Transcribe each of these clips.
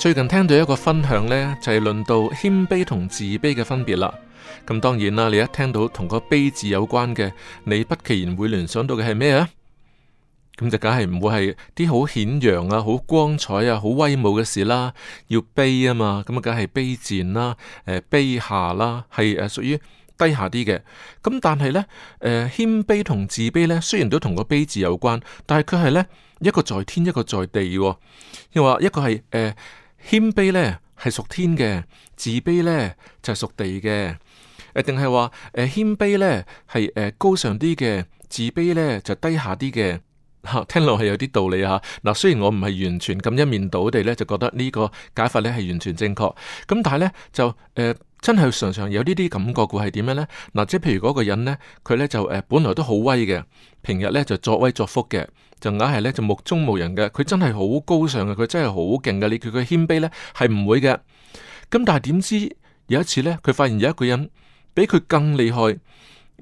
最近聽到一個分享呢，就係、是、論到謙卑同自卑嘅分別啦。咁當然啦，你一聽到同個卑字有關嘅，你不其然會聯想到嘅係咩啊？咁就梗係唔會係啲好顯揚啊、好光彩啊、好威武嘅事啦。要卑啊嘛，咁啊梗係卑賤啦、誒、呃、卑下啦、啊，係誒屬於低下啲嘅。咁但係呢，誒、呃、謙卑同自卑呢，雖然都同個卑字有關，但係佢係呢一個在天，一個在地、啊，又、就、話、是、一個係誒。呃謙卑呢係屬天嘅，自卑呢就係屬地嘅，定係話誒謙卑呢係誒高尚啲嘅，自卑呢就低下啲嘅，聽落係有啲道理啊！嗱，雖然我唔係完全咁一面倒地呢，就覺得呢個解法呢係完全正確，咁但係呢就誒。呃真係常常有呢啲感覺，佢係點樣呢？嗱，即係譬如嗰個人呢，佢呢就誒，本來都好威嘅，平日呢就作威作福嘅，就硬係呢就目中無人嘅。佢真係好高尚嘅，佢真係好勁嘅，你叫佢嘅謙卑呢，係唔會嘅。咁但係點知有一次呢，佢發現有一個人比佢更厲害。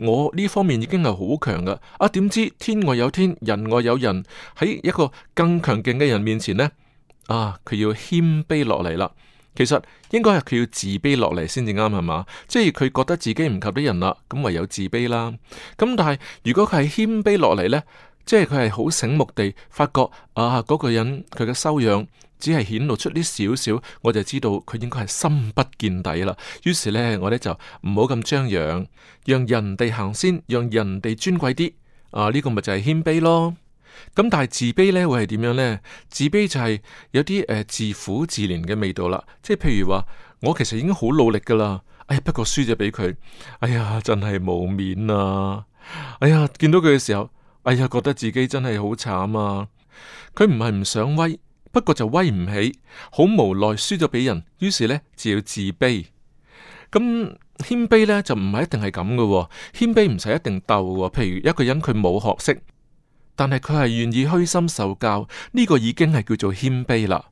我呢方面已經係好強㗎，啊點知天外有天，人外有人，喺一個更強勁嘅人面前呢，啊佢要謙卑落嚟啦。其實應該係佢要自卑落嚟先至啱係嘛，即係佢覺得自己唔及啲人啦，咁唯有自卑啦。咁但係如果佢係謙卑落嚟咧，即係佢係好醒目地發覺啊嗰、嗰個人佢嘅修養只係顯露出呢少少，我就知道佢應該係深不見底啦。於是咧我咧就唔好咁張揚，讓人哋行先，讓人哋尊貴啲啊！呢、呢個咪就係謙卑咯。咁但係自卑呢會係點樣呢？自卑就係有啲誒、呃、自苦自憐嘅味道啦。即係譬如話我其實已經好努力噶啦，哎呀不過輸咗俾佢，哎呀真係冇面啊！哎呀見到佢嘅時候，哎呀覺得自己真係好慘啊！佢唔係唔想威，不過就威唔起，好無奈輸咗俾人，於是呢，就要自卑。咁、嗯、謙卑呢就唔係一定係咁噶，謙卑唔使一定鬥。譬如一個人佢冇學識。但係佢係願意虛心受教，呢、這個已經係叫做謙卑啦。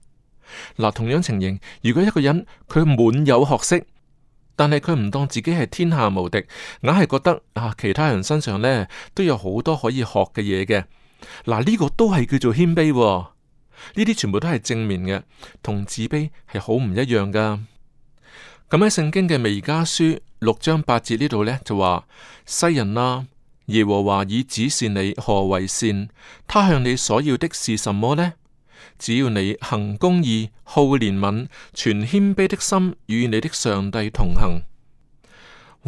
嗱，同樣情形，如果一個人佢滿有學識，但係佢唔當自己係天下無敵，硬係覺得啊其他人身上呢都有好多可以學嘅嘢嘅，嗱、這、呢個都係叫做謙卑。呢啲全部都係正面嘅，同自卑係好唔一樣噶。咁喺聖經嘅彌迦書六章八節呢度呢，就話西人啦、啊。耶和華已指示你何為善，他向你所要的是什麼呢？只要你行公義、好憐憫、存謙卑的心，與你的上帝同行。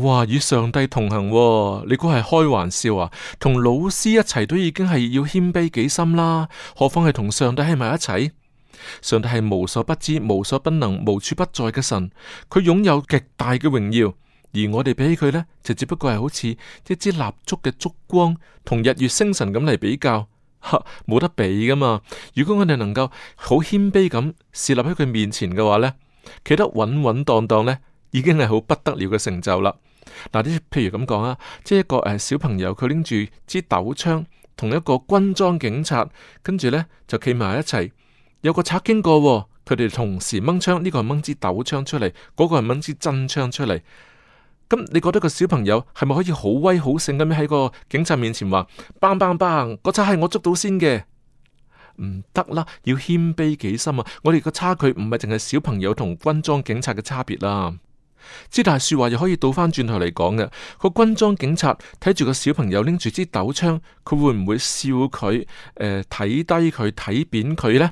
哇！與上帝同行，哦，你估係開玩笑啊？同老師一齊都已經係要謙卑己心啦，何況係同上帝喺埋一齊？上帝係無所不知、無所不能、無處不在嘅神，佢擁有極大嘅榮耀。而我哋比起佢呢，就只不過係好似一支蠟燭嘅燭光，同日月星辰咁嚟比較，吓冇得比噶嘛。如果我哋能夠好謙卑咁，設立喺佢面前嘅話呢，企得穩穩當當呢，已經係好不得了嘅成就啦。嗱，啲譬如咁講啊，即係一個誒、呃、小朋友，佢拎住支斗槍，同一個軍裝警察跟住呢就企埋一齊。有個賊經過、哦，佢哋同時掹槍，呢、這個係掹支斗槍出嚟，嗰、那個係掹支真槍出嚟。咁你覺得個小朋友係咪可以好威好盛咁喺個警察面前話，棒棒棒，嗰賊係我捉到先嘅？唔得啦，要謙卑己心啊！我哋個差距唔係淨係小朋友同軍裝警察嘅差別啦，啊。之但係說話又可以倒翻轉頭嚟講嘅，個軍裝警察睇住個小朋友拎住支斗槍，佢會唔會笑佢？呃、睇低佢，睇扁佢呢？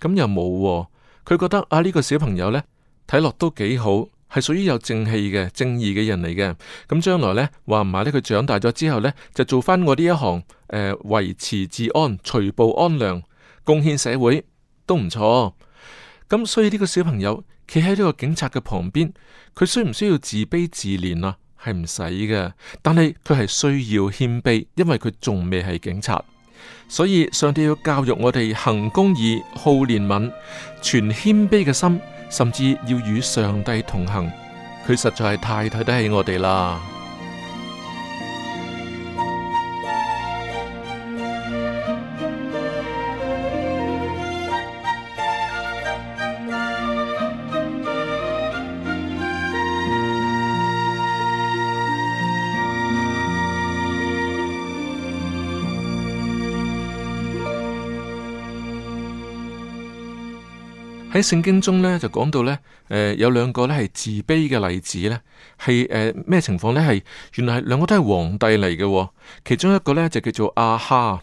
咁又冇，啊，佢覺得啊呢、個小朋友呢，睇落都幾好，係屬於有正氣嘅正義嘅人嚟嘅，咁將來呢，話唔埋呢，佢長大咗之後呢，就做翻我呢一行，誒、呃、維持治安、除暴安良、貢獻社會都唔錯。咁所以呢個小朋友企喺呢個警察嘅旁邊，佢需唔需要自卑自憐啊？係唔使嘅，但係佢係需要謙卑，因為佢仲未係警察。所以上帝要教育我哋行公義、好憐憫、存謙卑嘅心。甚至要與上帝同行，佢實在係太睇得起我哋啦。喺聖經中咧就講到咧，誒、呃、有兩個咧係自卑嘅例子咧，係誒咩情況咧？係原來係兩個都係皇帝嚟嘅，哦，其中一個咧就叫做阿哈，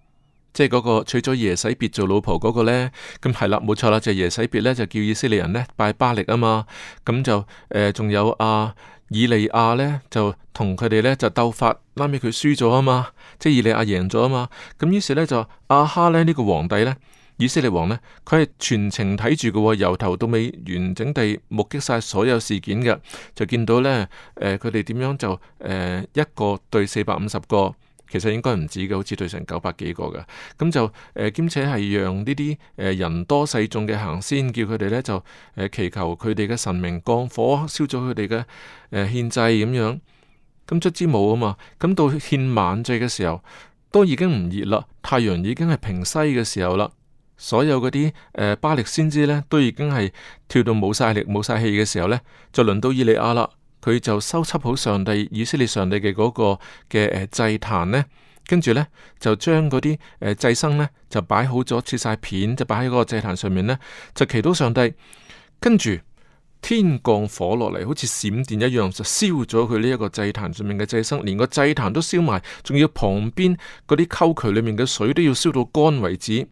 即係嗰個娶咗耶洗別做老婆嗰個咧，咁係啦，冇錯啦，就是，耶洗別咧就叫以色列人咧拜巴力啊嘛，咁、嗯、就誒仲，呃、有阿、啊、以利亞咧，就同佢哋咧就鬥法，拉尾佢輸咗啊嘛，即、就、係、是、以利亞贏咗啊嘛，咁於是咧就阿、啊、哈咧呢、這個皇帝咧。呢呢呢以色列王呢，佢係全程睇住嘅，由頭到尾完整地目擊晒所有事件嘅，就見到呢，誒、呃，佢哋點樣就，誒、呃，一個對四百五十個，其實應該唔止嘅，好似對成九百幾個嘅，咁就，誒、呃，兼且係讓呢啲，誒、呃，人多勢眾嘅行先，叫佢哋呢就，誒、呃，祈求佢哋嘅神明降火燒，燒咗佢哋嘅，誒，獻祭咁樣，咁卒之冇啊嘛，咁到獻晚祭嘅時候都已經唔熱啦，太陽已經係平西嘅時候啦。所有嗰啲誒巴力先知咧，都已經係跳到冇晒力、冇晒氣嘅時候咧，就輪到伊利亞啦。佢就收葺好上帝以色列上帝嘅嗰個嘅誒祭壇咧，跟住咧就將嗰啲誒祭牲咧就擺好咗，切晒片就擺喺嗰個祭壇上面咧，就祈禱上帝。跟住天降火落嚟，好似閃電一樣，就燒咗佢呢一個祭壇上面嘅祭牲，連個祭壇都燒埋，仲要旁邊嗰啲溝渠裏面嘅水都要燒到乾為止。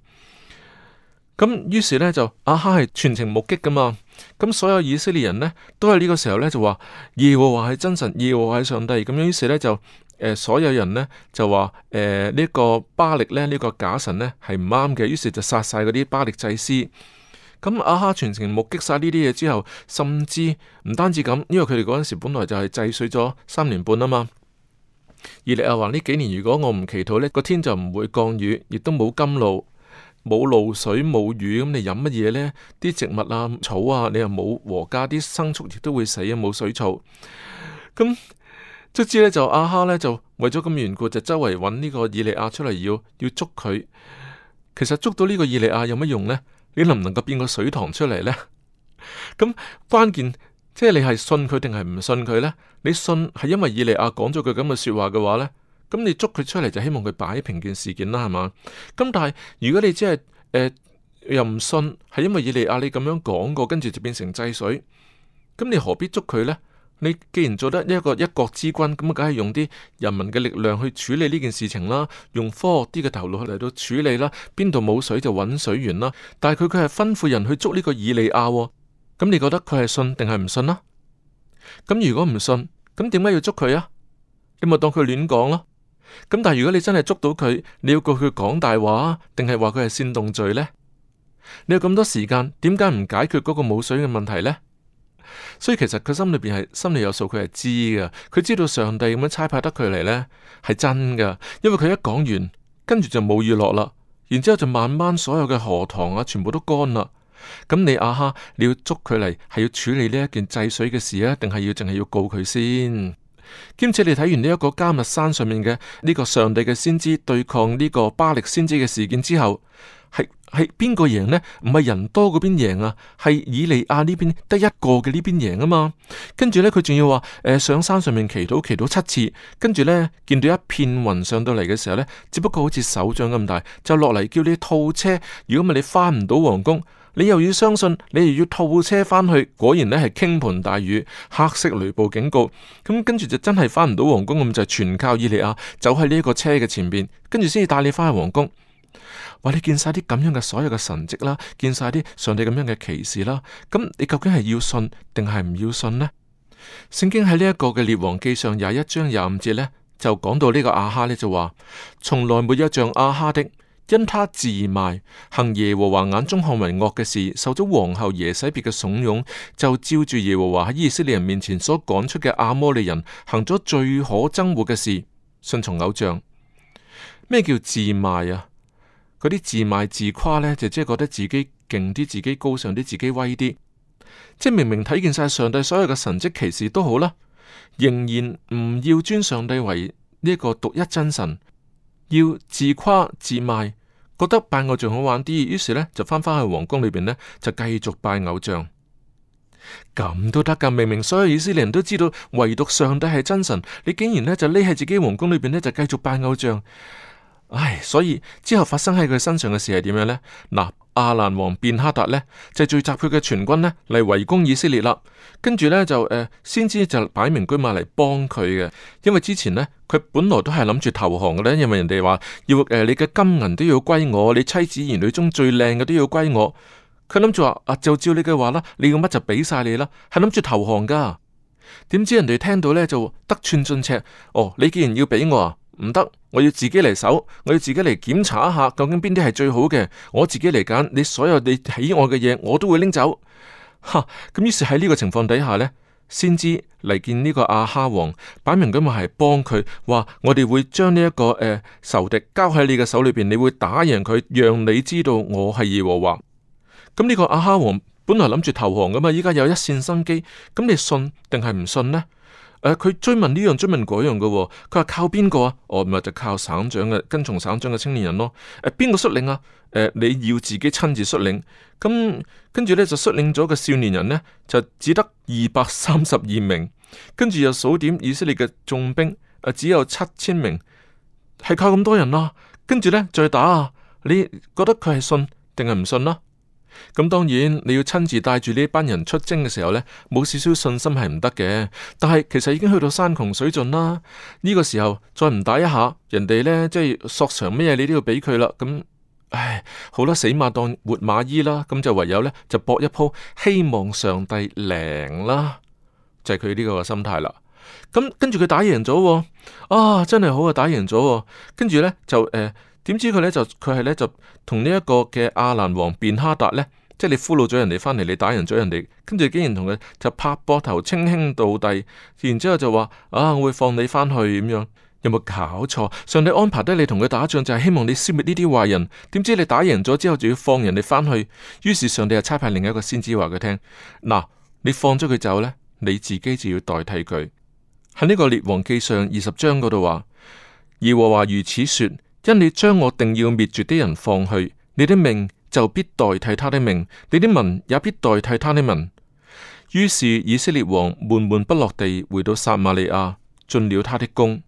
咁於是呢，就阿、啊、哈係全程目擊噶嘛，咁所有以色列人呢，都係呢個時候呢，就話耶和華係真神，耶和華係上帝，咁樣於是呢，就誒、呃、所有人呢，就話誒呢個巴力呢，呢、這個假神呢，係唔啱嘅，於是就殺晒嗰啲巴力祭司。咁阿、啊、哈全程目擊晒呢啲嘢之後，甚至唔單止咁，因為佢哋嗰陣時本來就係制水咗三年半啊嘛。以利亞話呢幾年如果我唔祈禱呢個天就唔會降雨，亦都冇甘露。」冇露水冇雨咁，你飲乜嘢呢？啲植物啊草啊，你又冇和家啲生畜亦都會死啊！冇水草，咁卒之呢，就阿哈呢，就為咗咁緣故，就周圍搵呢個以利亞出嚟要要捉佢。其實捉到呢個以利亞有乜用呢？你能唔能夠變個水塘出嚟呢？咁關鍵即係你係信佢定係唔信佢呢？你信係因為以利亞講咗句咁嘅說話嘅話呢。咁你捉佢出嚟就希望佢擺平件事件啦，係嘛？咁但係如果你只係誒、呃、又唔信，係因為以利亞你咁樣講過，跟住就變成制水，咁你何必捉佢呢？你既然做得一個一國之君，咁啊梗係用啲人民嘅力量去處理呢件事情啦，用科學啲嘅頭腦嚟到處理啦，邊度冇水就揾水源啦。但係佢佢係吩咐人去捉呢個以利亞，哦，咁你覺得佢係信定係唔信啦？咁如果唔信，咁點解要捉佢啊？你咪當佢亂講咯。咁但係如果你真係捉到佢，你要告佢講大話，定係話佢係煽動罪呢？你有咁多時間，點解唔解決嗰個冇水嘅問題呢？所以其實佢心裏邊係心裏有數，佢係知噶，佢知道上帝咁樣差派得佢嚟呢係真噶，因為佢一講完，跟住就冇雨落啦，然之後就慢慢所有嘅河塘啊，全部都乾啦。咁你亞哈，你要捉佢嚟，係要處理呢一件制水嘅事啊，定係要淨係要告佢先？兼且你睇完呢一個迦密山上面嘅呢個上帝嘅先知對抗呢個巴力先知嘅事件之後，係係邊個贏咧？唔係人多嗰邊贏啊，係以利亞呢邊得一個嘅呢邊贏啊嘛。跟住呢，佢仲要話誒、呃、上山上面祈禱祈禱七次，跟住呢，見到一片雲上到嚟嘅時候呢，只不過好似手掌咁大就落嚟叫你套車，如果唔係你翻唔到皇宮。你又要相信，你又要套車翻去，果然呢係傾盆大雨，黑色雷暴警告，咁跟住就真係翻唔到皇宮咁，就是，全靠以利亞走喺呢一個車嘅前邊，跟住先至帶你翻去皇宮。話你見晒啲咁樣嘅所有嘅神蹟啦，見晒啲上帝咁樣嘅奇事啦，咁你究竟係要信定係唔要信呢？聖經喺呢一個嘅列王記上廿一章廿五節呢，就講到呢個亞哈呢，就話，從來沒有像亞哈的。因他自賣，行耶和華眼中看為惡嘅事，受咗皇后耶洗別嘅慫恿，就照住耶和華喺以色列人面前所講出嘅阿摩利人行咗最可憎惡嘅事，信從偶像。咩叫自賣啊？嗰啲自賣自誇呢，就即係覺得自己勁啲，自己高尚啲，自己威啲。即係明明睇見晒上帝所有嘅神蹟奇事都好啦，仍然唔要尊上帝為呢一個獨一真神。要自誇自賣，覺得拜偶像好玩啲，於是呢，就翻返去皇宮裏邊呢，就繼續拜偶像，咁都得噶？明明所有以色列人都知道，唯獨上帝係真神，你竟然呢，就匿喺自己皇宮裏邊呢，就繼續拜偶像，唉！所以之後發生喺佢身上嘅事係點樣呢？嗱。阿蘭王便哈達呢，就聚集佢嘅全軍呢嚟圍攻以色列啦，跟住呢，就誒、呃、先知就擺明車馬嚟幫佢嘅，因為之前呢，佢本來都係諗住投降嘅咧，因為人哋話要誒、呃、你嘅金銀都要歸我，你妻子兒女中最靚嘅都要歸我，佢諗住話啊就照你嘅話啦，你要乜就俾晒你啦，係諗住投降噶，點知人哋聽到呢，就得寸進尺，哦你既然要俾我，啊。唔得，我要自己嚟搜，我要自己嚟檢查一下，究竟邊啲係最好嘅，我自己嚟揀。你所有你喜愛嘅嘢，我都會拎走。吓，咁於是喺呢個情況底下呢，先知嚟見呢個亞哈王，擺明咁係幫佢。話我哋會將呢一個、呃、仇敵交喺你嘅手裏邊，你會打贏佢，讓你知道我係耶和華。咁呢個亞哈王本來諗住投降噶嘛，依家有一線生機，咁你信定係唔信呢？佢、啊、追問呢、這、樣、個，追問嗰樣嘅、哦。佢話靠邊個啊？哦，咪就靠省長嘅跟從省長嘅青年人咯。誒、啊，邊個率領啊？誒、啊，你要自己親自率領。咁跟住咧就率領咗嘅少年人咧就只得二百三十二名，跟住又數點以色列嘅重兵誒、啊，只有七千名，係靠咁多人啦、啊。跟住咧再打啊，你覺得佢係信定係唔信啊？咁當然你要親自帶住呢班人出征嘅時候呢，冇少少信心係唔得嘅。但係其實已經去到山窮水盡啦，呢個時候再唔打一下，人哋呢，即係索償咩嘢，你都要俾佢啦。咁唉，好啦，死馬當活馬醫啦。咁就唯有呢，就搏一鋪，希望上帝靈啦，就係佢呢個心態啦。咁跟住佢打贏咗，啊真係好啊，打贏咗。跟住呢，就誒。呃點知佢呢？就佢係呢，就同呢一個嘅亞蘭王便哈達呢，即係你俘虜咗人哋返嚟，你打贏咗人哋，跟住竟然同佢就拍膊頭，稱兄道弟，然之後就話啊，我會放你返去咁樣，有冇搞錯？上帝安排得你同佢打仗就係希望你消滅呢啲壞人。點知你打贏咗之後就要放人哋返去，於是上帝就差派另一個先知話佢聽嗱，你放咗佢走呢，你自己就要代替佢。喺呢個列王記上二十章嗰度話，耶和華如此說。因你將我定要滅絕的人放去，你的命就必代替他的命，你的民也必代替他的民。於是以色列王悶悶不樂地回到撒馬利亞，進了他的宮。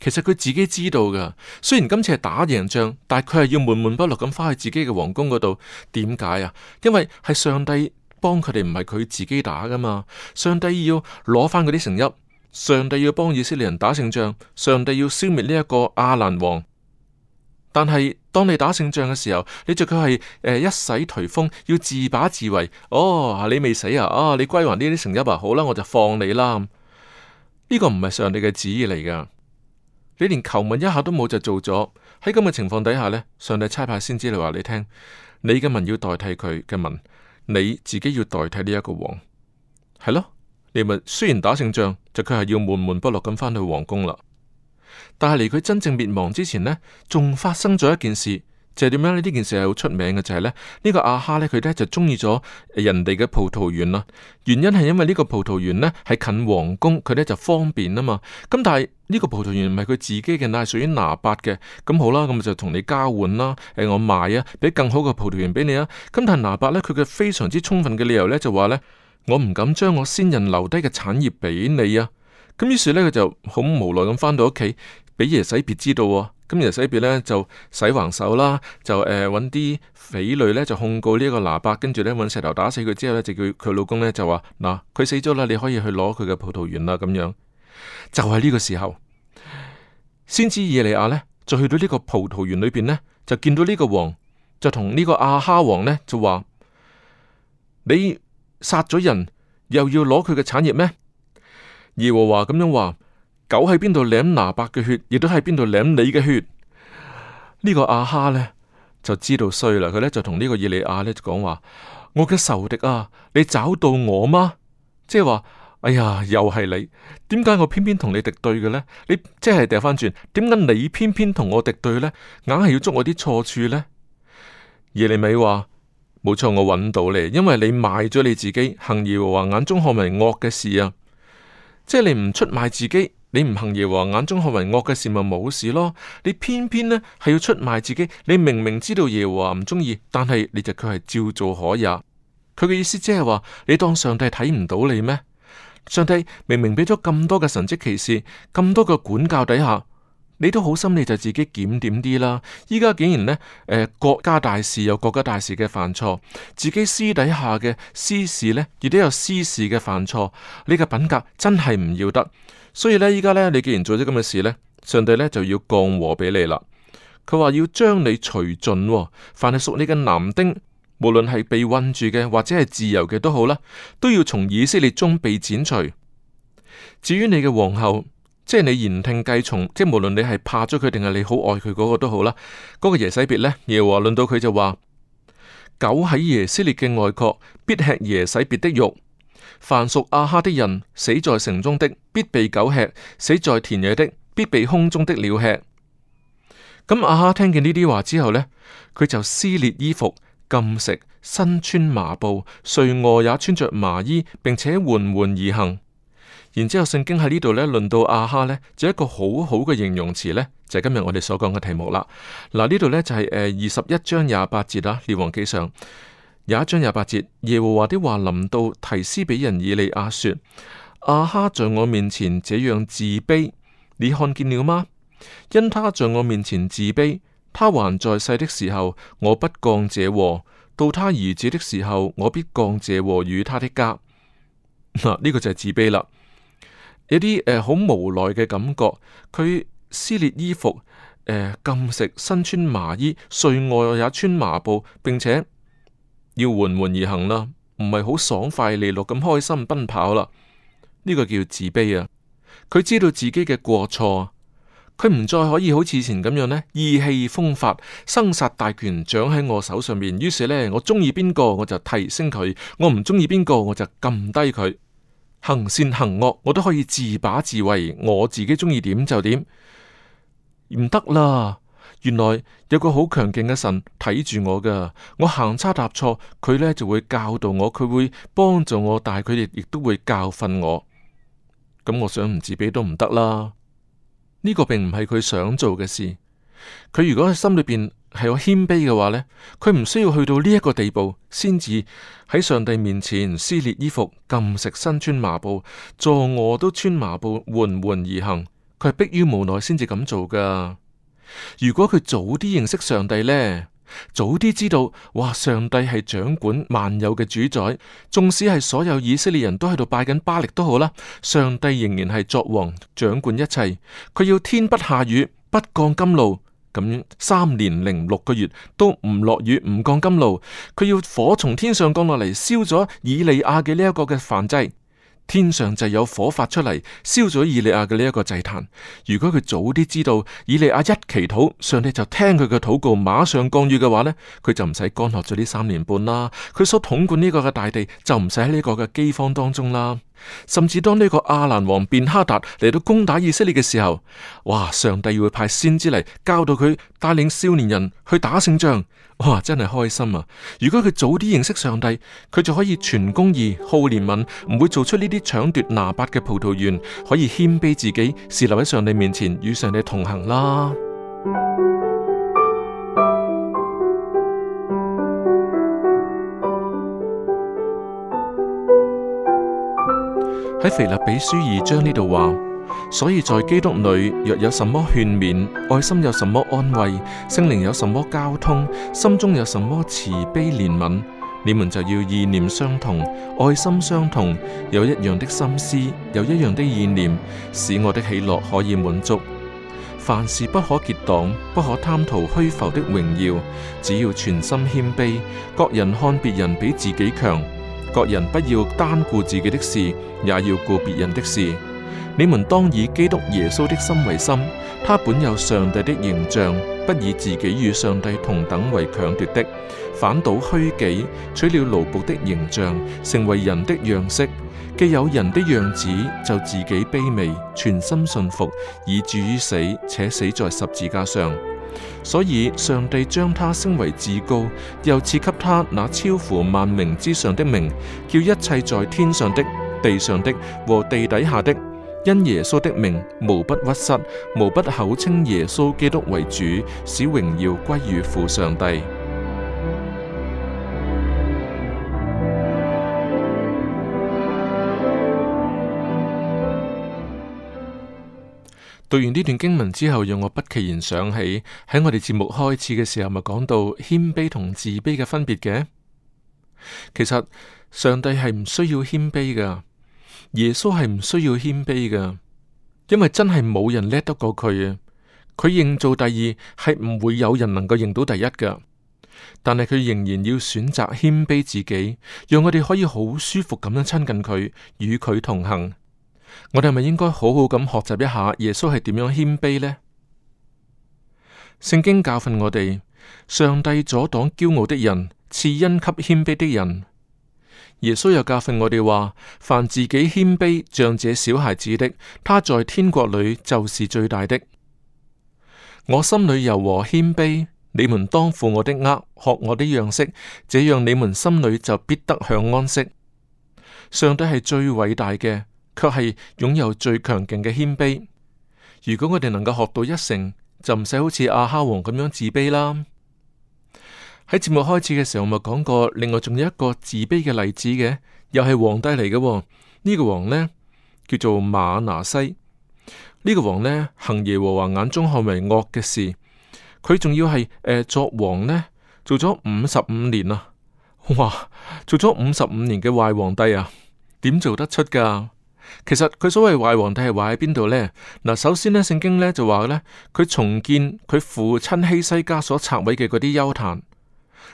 其實佢自己知道噶，雖然今次係打贏仗，但佢係要悶悶不樂咁返去自己嘅皇宮嗰度。點解啊？因為係上帝幫佢哋，唔係佢自己打噶嘛。上帝要攞返嗰啲城邑。上帝要幫以色列人打勝仗，上帝要消滅呢一個亞蘭王。但係當你打勝仗嘅時候，你就卻係一洗頹風，要自把自為。哦，你未死啊？啊、哦，你歸還呢啲城邑啊？好啦，我就放你啦。呢、這個唔係上帝嘅旨意嚟噶。你連求問一下都冇就做咗。喺咁嘅情況底下呢，上帝差派先知你話你聽，你嘅民要代替佢嘅民，你自己要代替呢一個王，係咯。你咪浦，雖然打勝仗，就佢係要悶悶不樂咁返去皇宮啦。但係嚟，佢真正滅亡之前呢，仲發生咗一件事，就係點樣咧？呢件事係好出名嘅，就係咧，呢個阿哈呢佢呢，就中意咗人哋嘅葡萄園啦。原因係因為呢個葡萄園呢喺近皇宮，佢呢就方便啊嘛。咁但係呢個葡萄園唔係佢自己嘅，乃係屬於拿伯嘅。咁好啦，咁就同你交換啦。誒，我買啊，俾更好嘅葡萄園俾你啊。咁但係拿伯呢，佢嘅非常之充分嘅理由呢，就話呢。我唔敢將我先人留低嘅產業俾你啊。咁於是呢，佢就好無奈咁返到屋企，俾耶洗別知道。咁耶洗別呢，就洗橫手啦,就誒揾啲匪類呢，就控告呢個拿伯，跟住呢，揾石頭打死佢之後呢，就叫佢老公呢，就話嗱，佢死咗啦，你可以去攞佢嘅葡萄園啦。咁樣就係、是、呢個時候，先知以利亞呢，就去到呢個葡萄園裏邊呢，就見到呢個王就同呢個亞哈王呢，就話你。殺咗人又要攞佢嘅產業咩？耶和華咁樣話：狗喺邊度舐拿伯嘅血，亦都喺邊度舐你嘅血。呢個亞哈呢就知道衰啦，佢呢就同呢個以利亞呢講話：我嘅仇敵啊，你找到我嗎？即係話，哎呀，又係你，點解我偏偏同你敵對嘅呢？你即係掉翻轉，點解你偏偏同我敵對呢？硬係要捉我啲錯處呢？美」耶利米話。冇錯，我揾到你，因為你賣咗你自己，行耶和華眼中看為惡嘅事啊！即係你唔出賣自己，你唔行耶和華眼中看為惡嘅事，咪冇事咯。你偏偏咧係要出賣自己，你明明知道耶和華唔中意，但係你就卻係照做可也。佢嘅意思即係話，你當上帝睇唔到你咩？上帝明明俾咗咁多嘅神蹟奇事，咁多嘅管教底下。你都好心，你就自己檢點啲啦。依家竟然呢誒、呃、國家大事有國家大事嘅犯錯，自己私底下嘅私事呢亦都有私事嘅犯錯。你嘅品格真係唔要得。所以呢依家呢，你既然做咗咁嘅事呢，上帝呢就要降禍俾你啦。佢話要將你除盡。哦，凡係屬你嘅男丁，無論係被困住嘅或者係自由嘅都好啦，都要從以色列中被剪除。至於你嘅皇后，即係你言聽計從，即係無論你係怕咗佢定係你愛好愛佢嗰個都好啦。嗰個耶洗別呢，耶和華論到佢就話：狗喺耶斯列嘅外郭，必吃耶洗別的肉；凡屬亞哈的人死在城中的，必被狗吃；死在田野的，必被空中的鳥吃。咁、嗯、亞哈聽見呢啲話之後呢，佢就撕裂衣服，禁食，身穿麻布，睡臥也穿着麻衣，並且緩緩而行。然之後，聖經喺呢度呢，論到阿哈咧，就一個好好嘅形容詞呢，就係、是、今日我哋所講嘅題目啦。嗱，呢度呢，就係二十一章廿八節啦，《列王記上》有一章廿八節，耶和華的話臨到提斯比人以利亞說：阿、啊、哈在我面前這樣自卑，你看見了嗎？因他在我面前自卑，他還在世的時候，我不降這禍；到他兒子的時候，我必降這禍與他的家。嗱、啊，呢、這個就係自卑啦。有啲誒，好、呃、無奈嘅感覺。佢撕裂衣服，誒、呃，禁食，身穿麻衣，睡臥也穿麻布，並且要緩緩而行啦，唔係好爽快利落咁開心奔跑啦。呢、這個叫自卑啊！佢知道自己嘅過錯，佢唔再可以好似以前咁樣呢意氣風發，生殺大權掌喺我手上面。於是呢，我中意邊個我就提升佢，我唔中意邊個我就撳低佢。行善行惡，我都可以自把自為，我自己中意點就點，唔得啦。原來有個好強勁嘅神睇住我噶，我行差踏錯，佢呢就會教導我，佢會幫助我，但係佢哋亦都會教訓我。咁我想唔自卑都唔得啦。呢個並唔係佢想做嘅事，佢如果喺心裏邊，係有謙卑嘅話呢，佢唔需要去到呢一個地步，先至喺上帝面前撕裂衣服、禁食、身穿麻布、坐臥都穿麻布，緩緩而行。佢係迫於無奈先至咁做噶。如果佢早啲認識上帝呢，早啲知道，哇！上帝係掌管萬有嘅主宰，縱使係所有以色列人都喺度拜緊巴力都好啦，上帝仍然係作王掌管一切。佢要天不下雨，不降甘露。咁三年零六個月都唔落雨，唔降甘露。佢要火從天上降落嚟，燒咗以利亞嘅呢一個嘅燔祭。天上就有火發出嚟，燒咗以利亞嘅呢一個祭壇。如果佢早啲知道以利亞一祈禱，上帝就聽佢嘅禱告，馬上降雨嘅話呢，佢就唔使乾涸咗呢三年半啦。佢所統管呢個嘅大地就唔使喺呢個嘅饑荒當中啦。甚至當呢個亞蘭王便哈達嚟到攻打以色列嘅時候，哇！上帝會派先知嚟教導佢帶領少年人去打勝仗，哇！真係開心啊！如果佢早啲認識上帝，佢就可以全公義、好憐憫，唔會做出呢啲搶奪拿伯嘅葡萄園，可以謙卑自己，侍立喺上帝面前，與上帝同行啦。喺腓立比書二章呢度話，所以在基督裏若有什麼勸勉、愛心有什麼安慰、聖靈有什麼交通、心中有什麼慈悲憐憫，你們就要意念相同、愛心相同，有一樣的心思、有一樣的意念，使我的喜樂可以滿足。凡事不可結黨，不可貪圖虛浮的榮耀，只要存心謙卑，各人看別人比自己強。各人不要單顧自己的事，也要顧別人的事。你們當以基督耶穌的心為心，他本有上帝的形象，不以自己與上帝同等為強奪的，反倒虛己，取了奴僕的形象，成為人的樣式。既有人的樣子，就自己卑微，全心順服，以至於死，且死在十字架上。所以上帝將他升為至高，又賜給他那超乎萬名之上的名，叫一切在天上的、地上的和地底下的，因耶穌的名，無不屈膝，無不口稱耶穌基督為主，使榮耀歸於父上帝。讀完呢段經文之後，讓我不期然想起喺我哋節目開始嘅時候，咪講到謙卑同自卑嘅分別嘅。其實上帝係唔需要謙卑噶，耶穌係唔需要謙卑噶，因為真係冇人叻得過佢啊！佢認做第二係唔會有人能夠認到第一噶，但係佢仍然要選擇謙卑自己，讓我哋可以好舒服咁樣親近佢，與佢同行。我哋係咪應該好好咁學習一下耶穌係點樣謙卑呢？聖經教訓我哋，上帝阻擋驕傲的人，賜恩給謙卑的人。耶穌又教訓我哋話：凡自己謙卑像這小孩子的，他在天國裏就是最大的。我心裏柔和謙卑，你們當負我的軛，學我的樣式，這樣你們心裏就必得享安息。上帝係最偉大嘅，卻係擁有最強勁嘅謙卑。如果我哋能夠學到一成，就唔使好似阿哈王咁樣自卑啦。喺節目開始嘅時候，我咪講過，另外仲有一個自卑嘅例子嘅，又係皇帝嚟嘅、哦。呢、這個王呢，叫做馬拿西。呢、這個王呢，行耶和華眼中看為惡嘅事，佢仲要係、呃、作王呢，做咗五十五年啦、啊。哇，做咗五十五年嘅壞皇帝啊，點做得出噶？其實佢所謂壞皇帝係壞喺邊度呢？嗱，首先呢，聖經呢就話呢，佢重建佢父親希西家所拆毀嘅嗰啲邱壇，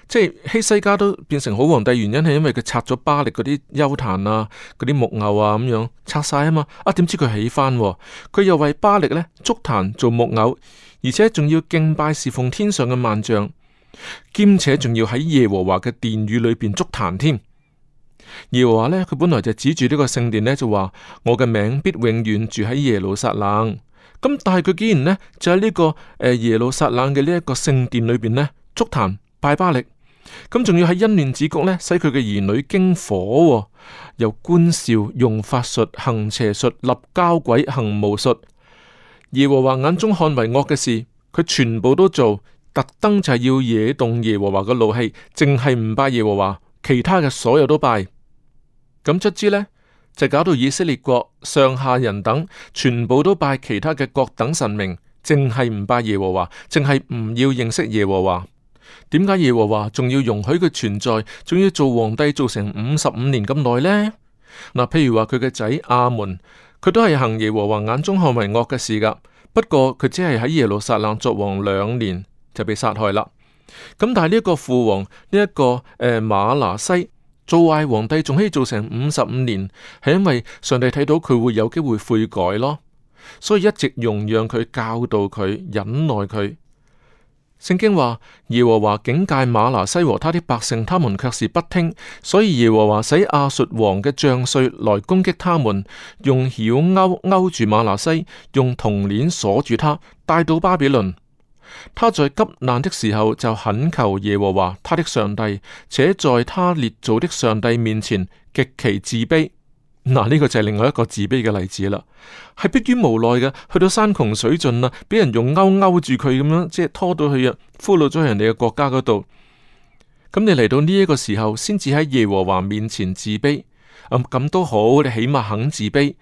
即係希西家都變成好皇帝原因係因為佢拆咗巴力嗰啲邱壇啊，嗰啲木偶啊咁樣拆晒啊嘛，啊點知佢起返、啊？佢又為巴力呢築壇做木偶，而且仲要敬拜侍奉天上嘅萬象，兼且仲要喺耶和華嘅殿宇裏邊築壇添。耶和華呢，佢本來就指住呢個聖殿呢，就話我嘅名必永遠住喺耶路撒冷。咁但係佢竟然呢，就喺呢、這個耶路撒冷嘅呢一個聖殿裏邊呢，築壇拜巴力，咁仲要喺欣嫩子谷呢，使佢嘅兒女經火、哦，又觀兆用法術行邪術立交鬼行巫術。耶和華眼中看為惡嘅事，佢全部都做，特登就係要惹動耶和華嘅怒氣，淨係唔拜耶和華，其他嘅所有都拜。咁卒之呢，就搞到以色列國上下人等全部都拜其他嘅各等神明，淨係唔拜耶和華，淨係唔要認識耶和華。點解耶和華仲要容許佢存在，仲要做皇帝做成五十五年咁耐呢？嗱，譬如話佢嘅仔阿門，佢都係行耶和華眼中看為惡嘅事噶，不過佢只係喺耶路撒冷作王兩年就被殺害啦。咁但係呢一個父王呢一個誒、呃、馬拿西。做壞皇帝仲可以做成五十五年，係因為上帝睇到佢會有機會悔改咯，所以一直容讓佢教導佢忍耐佢。聖經話耶和華警戒，馬拿西和他的百姓，他們卻是不聽，所以耶和華使亞述王嘅將帥來攻擊他們，用曉鈎鉤住馬拿西，用銅鏈鎖住他，帶到巴比倫。他在急難的時候就懇求耶和華他的上帝，且在他列祖的上帝面前極其自卑。嗱、啊，呢、這個就係另外一個自卑嘅例子啦，係迫於無奈嘅，去到山窮水盡啦，俾人用勾勾住佢咁樣，即係拖到去啊，俘虜咗人哋嘅國家嗰度。咁、嗯、你嚟到呢一個時候，先至喺耶和華面前自卑。咁、啊、都好，你起碼肯自卑。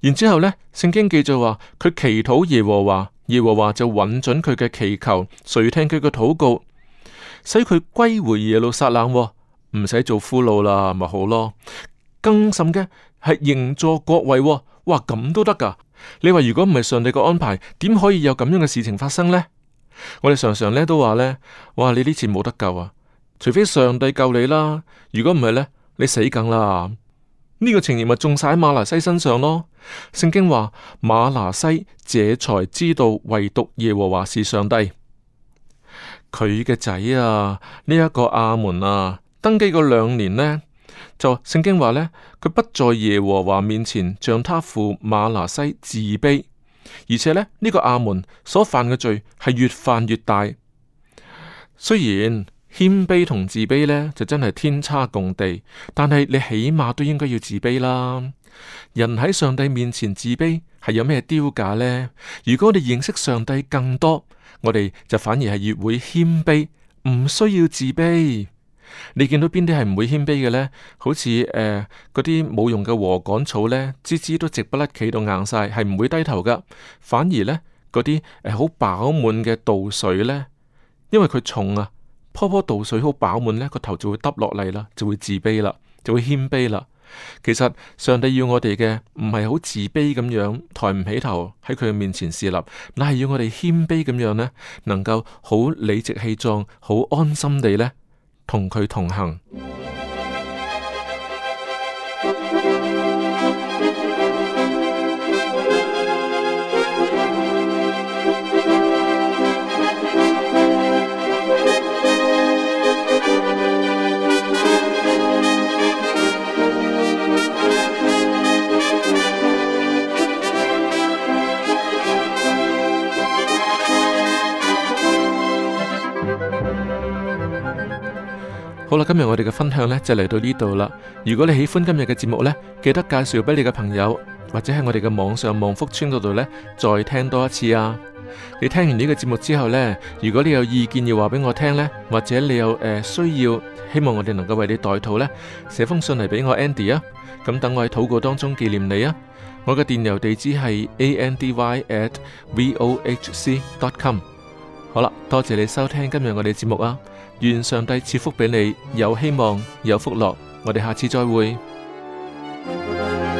然之後呢，聖經記載話佢祈禱耶和華。耶和華就允准佢嘅祈求，垂聽佢嘅禱告，使佢歸回耶路撒冷，哦，唔使做俘虜啦，咪好咯。更甚嘅係認助各位，哦，哇咁都得噶、啊？你話如果唔係上帝嘅安排，點可以有咁樣嘅事情發生呢？我哋常常咧都話咧，哇你呢次冇得救啊，除非上帝救你啦。如果唔係咧，你死梗啦。呢個情形咪中晒喺馬拿西身上咯。聖經話，馬拿西這才知道唯獨耶和華是上帝。佢嘅仔啊，呢、這、一個阿門啊，登基個兩年呢，就聖經話呢，佢不在耶和華面前像他父馬拿西自卑，而且呢，呢、這個阿門所犯嘅罪係越犯越大。雖然。謙卑同自卑呢，就真係天差共地。但係你起碼都應該要自卑啦。人喺上帝面前自卑係有咩丟架呢？如果我哋認識上帝更多，我哋就反而係越會謙卑，唔需要自卑。你見到邊啲係唔會謙卑嘅呢？好似誒嗰啲冇用嘅禾稈草呢，枝枝都直不甩，企到硬晒，係唔會低頭噶。反而呢，嗰啲好飽滿嘅稻穗呢，因為佢重啊。棵棵稻水好飽滿，呢個頭就會耷落嚟啦，就會自卑啦，就會謙卑啦。其實上帝要我哋嘅唔係好自卑咁樣，抬唔起頭喺佢嘅面前示立，乃係要我哋謙卑咁樣呢，能夠好理直氣壯、好安心地呢，同佢同行。今日我哋嘅分享呢就嚟到呢度啦。如果你喜歡今日嘅節目呢，記得介紹俾你嘅朋友，或者喺我哋嘅網上望福村嗰度呢再聽多一次啊。你聽完呢個節目之後呢，如果你有意見要話俾我聽呢，或者你有誒需要，希望我哋能夠為你代禱呢，寫封信嚟俾我 Andy 啊。咁等我喺禱告當中紀念你啊。我嘅電郵地址係 andy@vohc.com。好啦，多謝你收聽今日我哋節目啊。願上帝賜福俾你，有希望，有福樂。我哋下次再會。